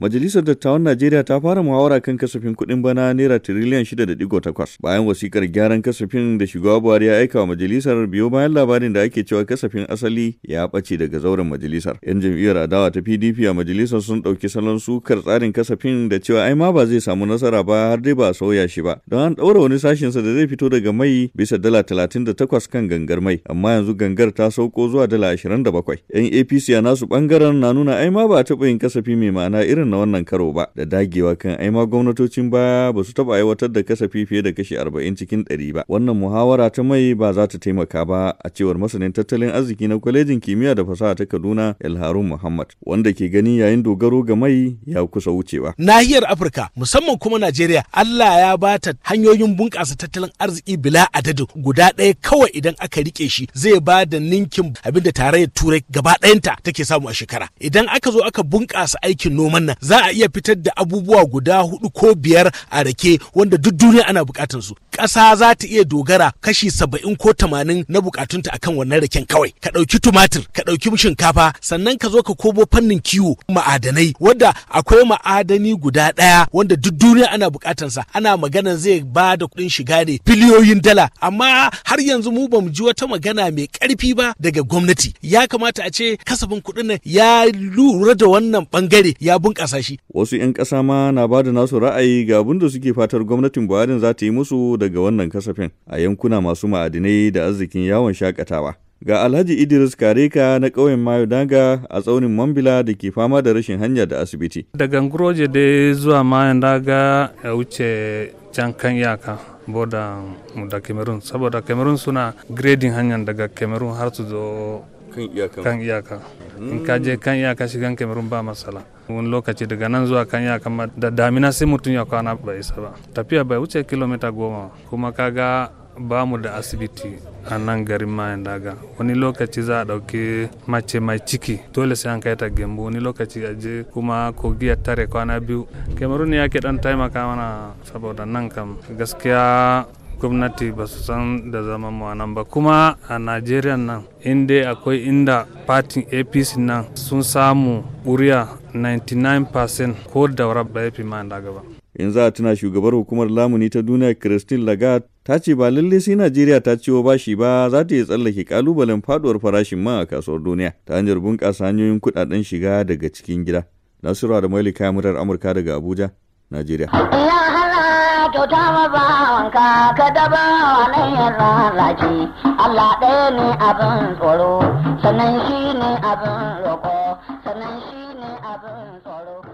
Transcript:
Majalisar Dattawan Najeriya ta fara muhawara kan kasafin kuɗin bana naira tiriliyan shida 6.8 bayan wasikar gyaran kasafin da shugaba Buhari ya aika wa majalisar biyo bayan labarin da ake cewa kasafin asali ya ɓace daga zauren majalisar. Yan jam'iyyar adawa ta PDP a majalisar sun ɗauki salon sukar tsarin kasafin da cewa ai ma ba zai samu nasara ba har dai ba a sauya shi ba. Don an ɗaura wani sashin sa da zai fito daga mai bisa dala 38 kan gangar mai amma yanzu gangar ta sauko zuwa dala 27. Yan APC a nasu ɓangaren na nuna ai ma ba a taɓa yin kasafi mai ma'ana irin irin na wannan karo ba da dagewa kan ai ma gwamnatocin baya ba su taɓa aiwatar da kasafi fiye da kashi arba'in cikin ɗari ba wannan muhawara ta mai ba za ta taimaka ba a cewar masanin tattalin arziki na kwalejin kimiyya da fasaha ta kaduna el muhammad wanda ke gani yayin dogaro ga mai ya kusa wucewa nahiyar afirka musamman kuma najeriya allah ya ba ta hanyoyin bunƙasa tattalin arziki bila adadi guda ɗaya kawai idan aka rike shi zai ba da ninkin abinda tarayyar turai gaba ɗayanta take samu a shekara idan aka zo aka bunƙasa aikin noman nan za a iya fitar da abubuwa guda hudu ko biyar a rake wanda duk duniya ana bukatun su ƙasa za ta iya dogara kashi saba'in ko tamanin na bukatunta akan wannan raken kawai ka ɗauki tumatir ka ɗauki shinkafa sannan ka zo ka kobo fannin kiwo ma'adanai wanda akwai ma'adani guda ɗaya wanda duk duniya ana sa ana magana zai ba da kuɗin shiga ne biliyoyin dala amma har yanzu mu bamu ji wata magana mai ƙarfi ba daga gwamnati ya kamata a ce kasafin kuɗin nan ya lura da wannan ɓangare ya bunƙasa bunƙasa shi. Wasu 'yan ƙasa ma na ba da nasu ra'ayi ga abin da suke fatar gwamnatin Buhari za ta yi musu daga wannan kasafin a yankuna masu ma'adinai da arzikin yawon shakatawa. Ga Alhaji Idris Kareka na ƙauyen Mayodanga a tsaunin Mambila da ke fama da rashin hanya da asibiti. Daga Ngroje dai zuwa Mayodanga ya wuce can kan iyaka boda da Cameroon saboda Cameroon suna grading hanyar daga Cameroon har su zo kan iyaka kan iyaka in ka je kan iyaka shigan kamerun ba matsala wani lokaci daga nan zuwa kan iyaka ma da damina sai mutum ya kwana bai isa ba tafiya bai wuce kilomita goma kuma kaga ba mu da asibiti a nan garin mayan daga wani lokaci za a ɗauki mace mai ciki dole sai an kai ta gembu wani lokaci a je kuma kogiya tare kwana biyu kamerun ya ke dan taimaka mana saboda nan kam gaskiya gwamnati ba su san da zaman mu nan ba kuma a nigeria nan inda akwai inda fatin apc nan sun samu ƙuri'a 99% ko da ba ya fi ma gaba in za a tuna shugabar hukumar lamuni ta duniya christine lagarde ta ce ba lalle sai nigeria ta ciwo bashi ba za ta iya tsallake kalubalen faduwar farashin man a kasuwar duniya ta hanyar bunƙasa hanyoyin kuɗaɗen shiga daga cikin gida nasiru da mailika murar amurka daga abuja nigeria. ka kyauta ma bawanka ka daba wani ya lalace Allah ɗaya ne abin tsoro sannan shi ne abin roƙo sannan shi ne abin tsoro